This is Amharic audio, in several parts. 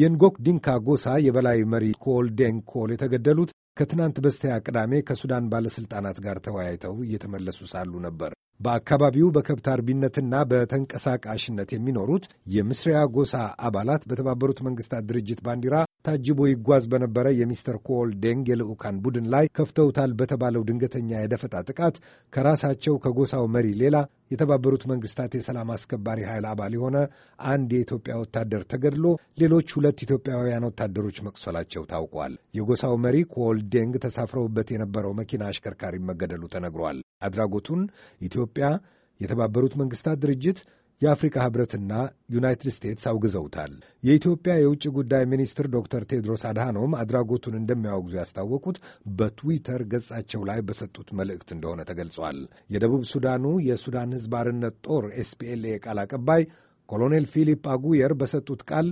የንጎክ ዲንካ ጎሳ የበላይ መሪ ኮል ኮል የተገደሉት ከትናንት በስቲያ ቅዳሜ ከሱዳን ባለሥልጣናት ጋር ተወያይተው እየተመለሱ ሳሉ ነበር። በአካባቢው በከብት አርቢነትና በተንቀሳቃሽነት የሚኖሩት የምስሪያ ጎሳ አባላት በተባበሩት መንግስታት ድርጅት ባንዲራ ታጅቦ ይጓዝ በነበረ የሚስተር ኮል ዴንግ የልዑካን ቡድን ላይ ከፍተውታል በተባለው ድንገተኛ የደፈጣ ጥቃት ከራሳቸው ከጎሳው መሪ ሌላ የተባበሩት መንግስታት የሰላም አስከባሪ ኃይል አባል የሆነ አንድ የኢትዮጵያ ወታደር ተገድሎ ሌሎች ሁለት ኢትዮጵያውያን ወታደሮች መቁሰላቸው ታውቋል። የጎሳው መሪ ኮል ዴንግ ተሳፍረውበት የነበረው መኪና አሽከርካሪ መገደሉ ተነግሯል። አድራጎቱን ኢትዮጵያ፣ የተባበሩት መንግሥታት ድርጅት የአፍሪካ ኅብረትና ዩናይትድ ስቴትስ አውግዘውታል። የኢትዮጵያ የውጭ ጉዳይ ሚኒስትር ዶክተር ቴድሮስ አድሃኖም አድራጎቱን እንደሚያወግዙ ያስታወቁት በትዊተር ገጻቸው ላይ በሰጡት መልእክት እንደሆነ ተገልጿል። የደቡብ ሱዳኑ የሱዳን ሕዝብ አርነት ጦር ኤስፒኤልኤ ቃል አቀባይ ኮሎኔል ፊሊፕ አጉየር በሰጡት ቃል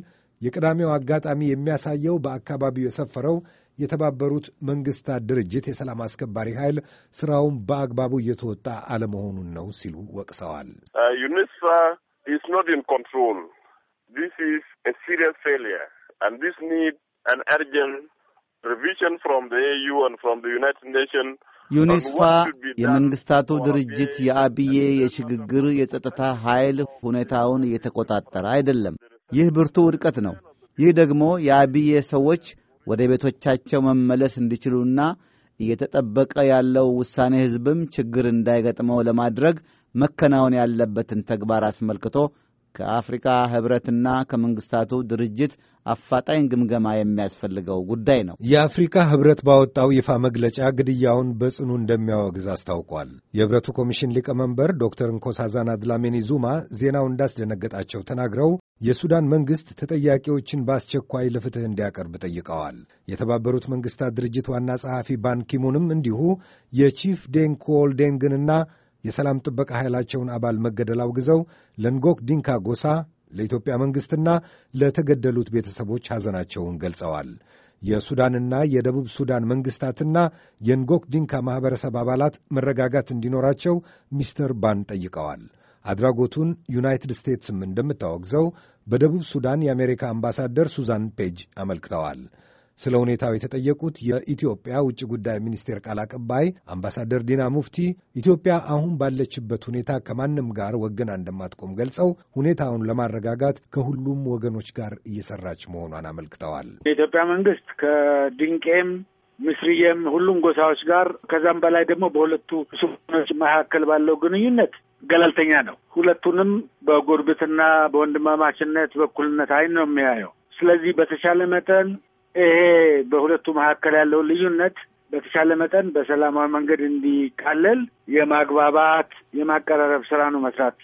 የቅዳሜው አጋጣሚ የሚያሳየው በአካባቢው የሰፈረው የተባበሩት መንግሥታት ድርጅት የሰላም አስከባሪ ኃይል ስራውን በአግባቡ እየተወጣ አለመሆኑን ነው ሲሉ ወቅሰዋል። uh, ዩኒስፋ ኢዝ ኖት ኢን ኮንትሮል ዚስ ኢዝ ኤ ሲሪየስ ፌሊየር አንድ ዚስ ኒድ አን አርጀንት ሪቪዥን ፍሮም ዘ ኤዩ አንድ ፍሮም ዘ ዩናይትድ ኔሽን ዩኒስፋ የመንግስታቱ ድርጅት የአብዬ የሽግግር የጸጥታ ኃይል ሁኔታውን እየተቆጣጠረ አይደለም። ይህ ብርቱ ውድቀት ነው። ይህ ደግሞ የአብዬ ሰዎች ወደ ቤቶቻቸው መመለስ እንዲችሉና እየተጠበቀ ያለው ውሳኔ ሕዝብም ችግር እንዳይገጥመው ለማድረግ መከናወን ያለበትን ተግባር አስመልክቶ ከአፍሪካ ህብረትና ከመንግስታቱ ድርጅት አፋጣኝ ግምገማ የሚያስፈልገው ጉዳይ ነው። የአፍሪካ ህብረት ባወጣው ይፋ መግለጫ ግድያውን በጽኑ እንደሚያወግዝ አስታውቋል። የህብረቱ ኮሚሽን ሊቀመንበር ዶክተር እንኮሳዛና አድላሜኒ ዙማ ዜናው እንዳስደነገጣቸው ተናግረው የሱዳን መንግሥት ተጠያቂዎችን በአስቸኳይ ለፍትሕ እንዲያቀርብ ጠይቀዋል። የተባበሩት መንግሥታት ድርጅት ዋና ጸሐፊ ባንኪሙንም እንዲሁ የቺፍ ዴንክ ኦልዴንግንና የሰላም ጥበቃ ኃይላቸውን አባል መገደል አውግዘው ለንጎክ ዲንካ ጎሳ ለኢትዮጵያ መንግሥትና ለተገደሉት ቤተሰቦች ሐዘናቸውን ገልጸዋል። የሱዳንና የደቡብ ሱዳን መንግሥታትና የንጎክ ዲንካ ማኅበረሰብ አባላት መረጋጋት እንዲኖራቸው ሚስተር ባን ጠይቀዋል። አድራጎቱን ዩናይትድ ስቴትስም እንደምታወግዘው በደቡብ ሱዳን የአሜሪካ አምባሳደር ሱዛን ፔጅ አመልክተዋል። ስለ ሁኔታው የተጠየቁት የኢትዮጵያ ውጭ ጉዳይ ሚኒስቴር ቃል አቀባይ አምባሳደር ዲና ሙፍቲ ኢትዮጵያ አሁን ባለችበት ሁኔታ ከማንም ጋር ወገና እንደማትቆም ገልጸው ሁኔታውን ለማረጋጋት ከሁሉም ወገኖች ጋር እየሰራች መሆኗን አመልክተዋል። የኢትዮጵያ መንግስት ከድንቄም ምስርየም ሁሉም ጎሳዎች ጋር ከዛም በላይ ደግሞ በሁለቱ ሱዳኖች መካከል ባለው ግንኙነት ገለልተኛ ነው። ሁለቱንም በጉርብትና በወንድማማችነት በኩልነት አይን ነው የሚያየው። ስለዚህ በተቻለ መጠን ይሄ በሁለቱ መካከል ያለው ልዩነት በተቻለ መጠን በሰላማዊ መንገድ እንዲቃለል የማግባባት የማቀራረብ ስራ ነው መስራት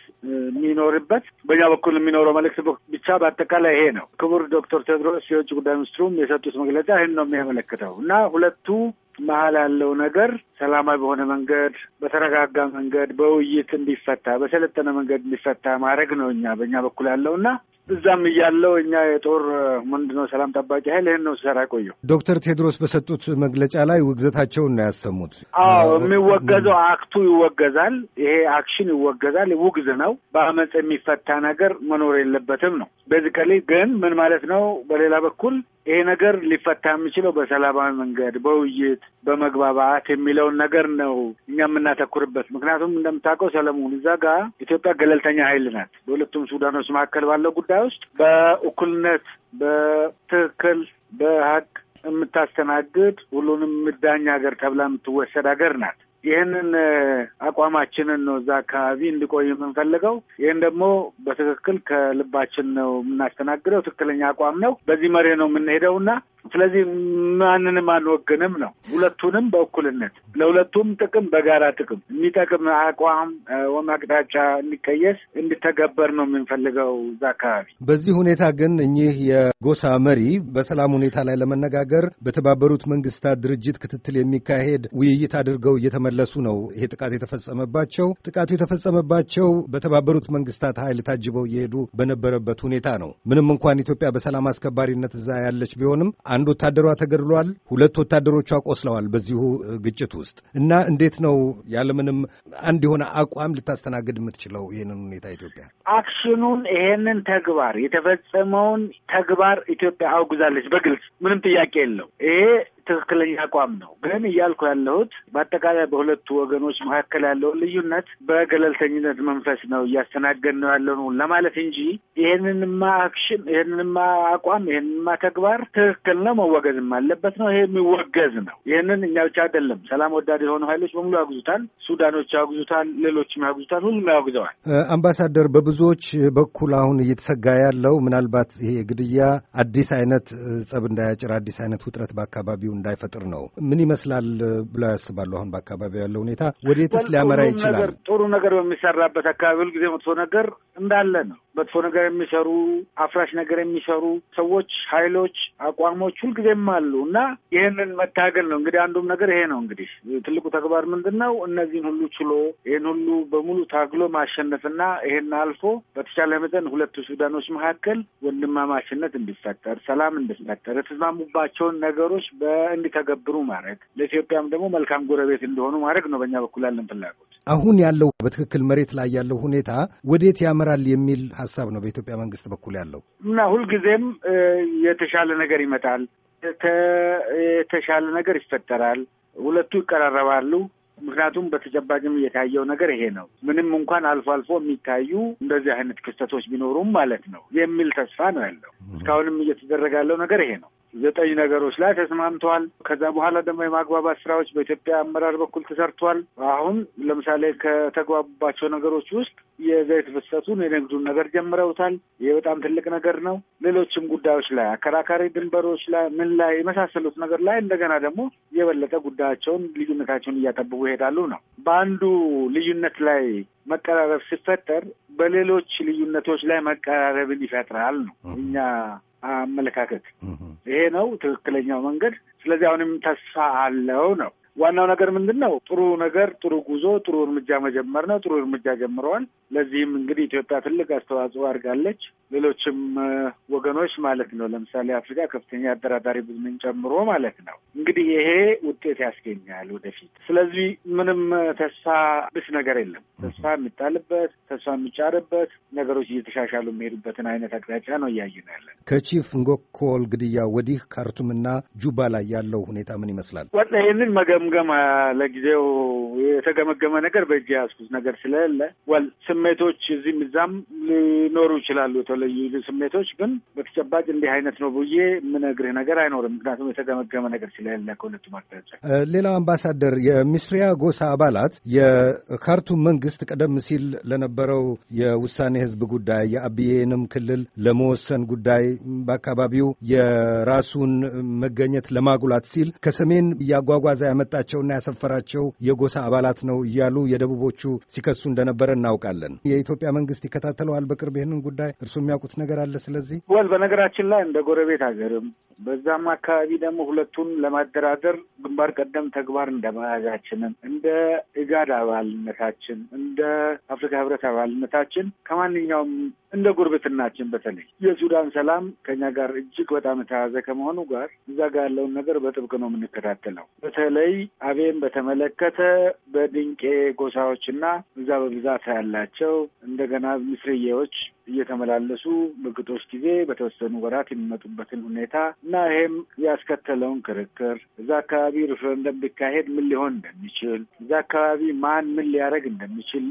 የሚኖርበት። በእኛ በኩል የሚኖረው መልእክት ብቻ በአጠቃላይ ይሄ ነው። ክቡር ዶክተር ቴድሮስ የውጭ ጉዳይ ሚኒስትሩም የሰጡት መግለጫ ይህን ነው የሚያመለክተው እና ሁለቱ መሀል ያለው ነገር ሰላማዊ በሆነ መንገድ በተረጋጋ መንገድ በውይይት እንዲፈታ በሰለጠነ መንገድ እንዲፈታ ማድረግ ነው እኛ በእኛ በኩል ያለው እና እዛም እያለው እኛ የጦር ነው ሰላም ጠባቂ ኃይል ይህን ነው ሲሰራ ቆየው። ዶክተር ቴድሮስ በሰጡት መግለጫ ላይ ውግዘታቸውን ነው ያሰሙት። አዎ የሚወገዘው አክቱ ይወገዛል። ይሄ አክሽን ይወገዛል፣ ውግዝ ነው። በአመፅ የሚፈታ ነገር መኖር የለበትም ነው። በዚህ ቀሌ ግን ምን ማለት ነው? በሌላ በኩል ይሄ ነገር ሊፈታ የሚችለው በሰላማዊ መንገድ፣ በውይይት፣ በመግባባት የሚለውን ነገር ነው እኛ የምናተኩርበት። ምክንያቱም እንደምታውቀው ሰለሞን፣ እዛ ጋር ኢትዮጵያ ገለልተኛ ኃይል ናት። በሁለቱም ሱዳኖች መካከል ባለው ጉዳይ ውስጥ በእኩልነት በትክክል በሀቅ የምታስተናግድ ሁሉንም ምዳኝ ሀገር ተብላ የምትወሰድ ሀገር ናት። ይህንን አቋማችንን ነው እዛ አካባቢ እንዲቆይ የምንፈልገው። ይህን ደግሞ በትክክል ከልባችን ነው የምናስተናግደው። ትክክለኛ አቋም ነው። በዚህ መሪ ነው የምንሄደው እና ስለዚህ ማንንም አልወግንም ነው። ሁለቱንም በእኩልነት ለሁለቱም ጥቅም በጋራ ጥቅም የሚጠቅም አቋም ወይም አቅጣጫ እንዲቀየስ እንዲተገበር ነው የምንፈልገው እዛ አካባቢ። በዚህ ሁኔታ ግን እኚህ የጎሳ መሪ በሰላም ሁኔታ ላይ ለመነጋገር በተባበሩት መንግስታት ድርጅት ክትትል የሚካሄድ ውይይት አድርገው እየተመለሱ ነው። ይሄ ጥቃት የተፈጸመባቸው ጥቃቱ የተፈጸመባቸው በተባበሩት መንግስታት ኃይል ታጅበው እየሄዱ በነበረበት ሁኔታ ነው። ምንም እንኳን ኢትዮጵያ በሰላም አስከባሪነት እዛ ያለች ቢሆንም አንድ ወታደሯ ተገድሏል፣ ሁለት ወታደሮቿ ቆስለዋል በዚሁ ግጭት ውስጥ እና እንዴት ነው ያለምንም አንድ የሆነ አቋም ልታስተናግድ የምትችለው ይህንን ሁኔታ ኢትዮጵያ? አክሽኑን ይሄንን ተግባር የተፈጸመውን ተግባር ኢትዮጵያ አውግዛለች በግልጽ ምንም ጥያቄ የለው። ይሄ ትክክለኛ አቋም ነው። ግን እያልኩ ያለሁት በአጠቃላይ በሁለቱ ወገኖች መካከል ያለውን ልዩነት በገለልተኝነት መንፈስ ነው እያስተናገድ ነው ያለው ለማለት እንጂ ይህንንማ አክሽን፣ ይህንንማ አቋም፣ ይህንንማ ተግባር ትክክል ነው መወገዝም አለበት ነው። ይሄ የሚወገዝ ነው። ይህንን እኛ ብቻ አይደለም ሰላም ወዳድ የሆኑ ኃይሎች በሙሉ ያጉዙታል። ሱዳኖች ያጉዙታል ሌሎችም ያጉዙታል ሁሉም ያውግዘዋል። አምባሳደር፣ በብዙዎች በኩል አሁን እየተሰጋ ያለው ምናልባት ይሄ ግድያ አዲስ አይነት ጸብ እንዳያጭር አዲስ አይነት ውጥረት በአካባቢው እንዳይፈጥር ነው። ምን ይመስላል ብለው ያስባሉ? አሁን በአካባቢው ያለው ሁኔታ ወዴትስ ሊያመራ ይችላል? ጥሩ ነገር በሚሰራበት አካባቢ ሁልጊዜ መጥፎ ነገር እንዳለ ነው። መጥፎ ነገር የሚሰሩ አፍራሽ ነገር የሚሰሩ ሰዎች፣ ኃይሎች፣ አቋሞች ሁልጊዜም አሉ እና ይህንን መታገል ነው እንግዲህ አንዱም ነገር ይሄ ነው። እንግዲህ ትልቁ ተግባር ምንድን ነው? እነዚህን ሁሉ ችሎ ይህን ሁሉ በሙሉ ታግሎ ማሸነፍና ይሄን አልፎ በተቻለ መጠን ሁለቱ ሱዳኖች መካከል ወንድማማችነት እንዲፈጠር፣ ሰላም እንዲፈጠር የተስማሙባቸውን ነገሮች በ እንዲተገብሩ ማድረግ ለኢትዮጵያም ደግሞ መልካም ጎረቤት እንደሆኑ ማድረግ ነው። በእኛ በኩል ያለን ፍላጎት አሁን ያለው በትክክል መሬት ላይ ያለው ሁኔታ ወዴት ያመራል የሚል ሀሳብ ነው በኢትዮጵያ መንግስት በኩል ያለው እና ሁልጊዜም የተሻለ ነገር ይመጣል፣ የተሻለ ነገር ይፈጠራል፣ ሁለቱ ይቀራረባሉ። ምክንያቱም በተጨባጭም የታየው ነገር ይሄ ነው። ምንም እንኳን አልፎ አልፎ የሚታዩ እንደዚህ አይነት ክስተቶች ቢኖሩም ማለት ነው የሚል ተስፋ ነው ያለው። እስካሁንም እየተደረገ ያለው ነገር ይሄ ነው። ዘጠኝ ነገሮች ላይ ተስማምተዋል። ከዛ በኋላ ደግሞ የማግባባት ስራዎች በኢትዮጵያ አመራር በኩል ተሰርቷል። አሁን ለምሳሌ ከተግባቡባቸው ነገሮች ውስጥ የዘይት ፍሰቱን የንግዱን ነገር ጀምረውታል። ይህ በጣም ትልቅ ነገር ነው። ሌሎችም ጉዳዮች ላይ አከራካሪ ድንበሮች ላይ ምን ላይ የመሳሰሉት ነገር ላይ እንደገና ደግሞ የበለጠ ጉዳያቸውን ልዩነታቸውን እያጠብቁ ይሄዳሉ ነው። በአንዱ ልዩነት ላይ መቀራረብ ሲፈጠር በሌሎች ልዩነቶች ላይ መቀራረብን ይፈጥራል ነው እኛ አመለካከት። ይሄ ነው ትክክለኛው መንገድ። ስለዚህ አሁንም ተስፋ አለው ነው ዋናው ነገር ምንድን ነው? ጥሩ ነገር፣ ጥሩ ጉዞ፣ ጥሩ እርምጃ መጀመር ነው። ጥሩ እርምጃ ጀምረዋል። ለዚህም እንግዲህ ኢትዮጵያ ትልቅ አስተዋጽኦ አድርጋለች። ሌሎችም ወገኖች ማለት ነው። ለምሳሌ አፍሪካ ከፍተኛ አደራዳሪ ቡድንን ጨምሮ ማለት ነው። እንግዲህ ይሄ ውጤት ያስገኛል ወደፊት። ስለዚህ ምንም ተስፋ ብስ ነገር የለም። ተስፋ የሚጣልበት ተስፋ የሚጫርበት ነገሮች እየተሻሻሉ የሚሄዱበትን አይነት አቅጣጫ ነው እያየን ያለን። ከቺፍ ንጎኮል ግድያ ወዲህ ካርቱምና ጁባ ላይ ያለው ሁኔታ ምን ይመስላል? ይህንን መገ መገምገም ለጊዜው የተገመገመ ነገር በእጅ የያዝኩት ነገር ስለሌለ ወል ስሜቶች እዚህም እዛም ሊኖሩ ይችላሉ። የተለዩ ስሜቶች ግን በተጨባጭ እንዲህ አይነት ነው ብዬ የምነግርህ ነገር አይኖርም። ምክንያቱም የተገመገመ ነገር ስለሌለ ከሁለቱም አቅጣጫ። ሌላው አምባሳደር፣ የሚስሪያ ጎሳ አባላት የካርቱም መንግስት ቀደም ሲል ለነበረው የውሳኔ ህዝብ ጉዳይ የአብዬንም ክልል ለመወሰን ጉዳይ በአካባቢው የራሱን መገኘት ለማጉላት ሲል ከሰሜን እያጓጓዘ ያመጣ የሰጣቸውና ያሰፈራቸው የጎሳ አባላት ነው እያሉ የደቡቦቹ ሲከሱ እንደነበረ እናውቃለን። የኢትዮጵያ መንግስት ይከታተለዋል በቅርብ ይህንን ጉዳይ እርሱ የሚያውቁት ነገር አለ። ስለዚህ ወል በነገራችን ላይ እንደ ጎረቤት ሀገርም በዛም አካባቢ ደግሞ ሁለቱን ለማደራደር ግንባር ቀደም ተግባር መያዛችንም እንደ ኢጋድ አባልነታችን እንደ አፍሪካ ህብረት አባልነታችን ከማንኛውም እንደ ጉርብትናችን በተለይ የሱዳን ሰላም ከኛ ጋር እጅግ በጣም የተያዘ ከመሆኑ ጋር እዛ ጋር ያለውን ነገር በጥብቅ ነው የምንከታተለው። በተለይ አቤም በተመለከተ በድንቄ ጎሳዎችና እዛ በብዛት ያላቸው እንደገና ምስርዬዎች እየተመላለሱ በግጦሽ ጊዜ በተወሰኑ ወራት የሚመጡበትን ሁኔታ እና ይሄም ያስከተለውን ክርክር እዛ አካባቢ ሪፍረንደም ቢካሄድ ምን ሊሆን እንደሚችል እዛ አካባቢ ማን ምን ሊያደርግ እንደሚችል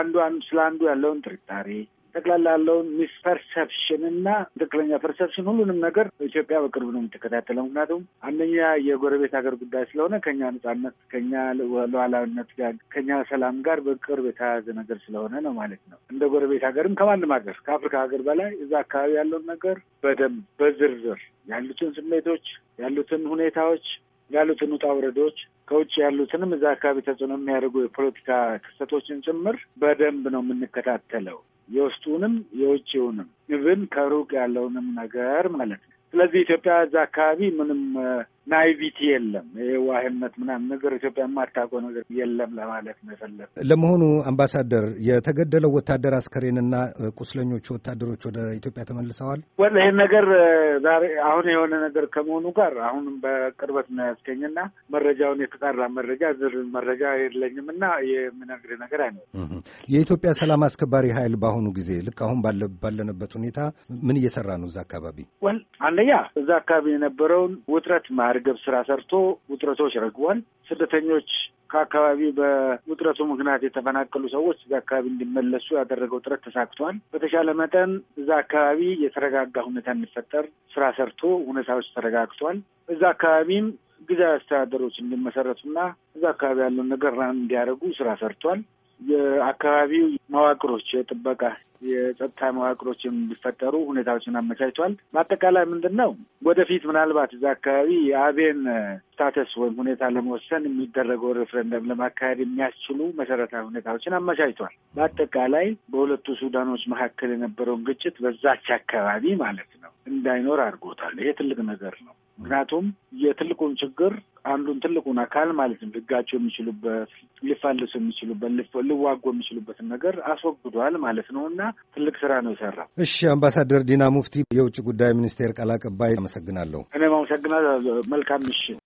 አንዱ ስለ አንዱ ያለውን ጥርጣሬ ጠቅላላ ያለውን ሚስ እና ትክክለኛ ፐርሰፕሽን ሁሉንም ነገር ኢትዮጵያ በቅርብ ነው የምትከታተለው። ምክንያቱም አንደኛ የጎረቤት ሀገር ጉዳይ ስለሆነ ከኛ ነጻነት፣ ከኛ ሉዓላዊነት ጋር፣ ከኛ ሰላም ጋር በቅርብ የተያያዘ ነገር ስለሆነ ነው ማለት ነው። እንደ ጎረቤት ሀገርም ከማንም ሀገር ከአፍሪካ ሀገር በላይ እዛ አካባቢ ያለውን ነገር በደንብ በዝርዝር ያሉትን ስሜቶች ያሉትን ሁኔታዎች ያሉትን ውጣ ውረዶች ከውጭ ያሉትንም እዛ አካባቢ ተጽዕኖ የሚያደርጉ የፖለቲካ ክስተቶችን ጭምር በደንብ ነው የምንከታተለው። የውስጡንም የውጭውንም፣ ኢቭን ከሩቅ ያለውንም ነገር ማለት ነው። ስለዚህ ኢትዮጵያ እዛ አካባቢ ምንም ናይቪቲ የለም። ዋህነት ምናምን ነገር ኢትዮጵያ የማታውቀው ነገር የለም ለማለት መፈለግ። ለመሆኑ አምባሳደር የተገደለው ወታደር አስከሬንና ቁስለኞቹ ወታደሮች ወደ ኢትዮጵያ ተመልሰዋል? ወላ ይህ ነገር ዛሬ አሁን የሆነ ነገር ከመሆኑ ጋር አሁንም በቅርበት ነው ያስገኝና መረጃውን የተጣራ መረጃ ዝር መረጃ የለኝም እና የምነግር ነገር አይነ የኢትዮጵያ ሰላም አስከባሪ ኃይል በአሁኑ ጊዜ ልክ አሁን ባለንበት ሁኔታ ምን እየሰራ ነው እዛ አካባቢ? ወል አንደኛ እዛ አካባቢ የነበረውን ውጥረት ማር የማርገብ ስራ ሰርቶ ውጥረቶች ረግቧል። ስደተኞች ከአካባቢው በውጥረቱ ምክንያት የተፈናቀሉ ሰዎች እዚ አካባቢ እንዲመለሱ ያደረገው ጥረት ተሳክቷል። በተሻለ መጠን እዛ አካባቢ የተረጋጋ ሁኔታ እንዲፈጠር ስራ ሰርቶ ሁኔታዎች ተረጋግቷል። እዛ አካባቢም ጊዜያዊ አስተዳደሮች እንዲመሰረቱና እዛ አካባቢ ያለውን ነገር ራን እንዲያደርጉ ስራ ሰርቷል። የአካባቢው መዋቅሮች የጥበቃ የጸጥታ መዋቅሮች የሚፈጠሩ ሁኔታዎችን አመቻችቷል። በአጠቃላይ ምንድን ነው ወደፊት ምናልባት እዛ አካባቢ የአቤን ለመታተስ ወይም ሁኔታ ለመወሰን የሚደረገው ሬፍረንደም ለማካሄድ የሚያስችሉ መሰረታዊ ሁኔታዎችን አመቻችቷል። በአጠቃላይ በሁለቱ ሱዳኖች መካከል የነበረውን ግጭት በዛች አካባቢ ማለት ነው እንዳይኖር አድርጎታል። ይሄ ትልቅ ነገር ነው። ምክንያቱም የትልቁን ችግር አንዱን ትልቁን አካል ማለት ነው የሚችሉበት ሊፋልሱ የሚችሉበት ሊዋጉ የሚችሉበትን ነገር አስወግዷል ማለት ነው እና ትልቅ ስራ ነው የሰራው። እሺ፣ አምባሳደር ዲና ሙፍቲ የውጭ ጉዳይ ሚኒስቴር ቃል አቀባይ፣ አመሰግናለሁ። እኔም አመሰግናለሁ። መልካም ምሽት።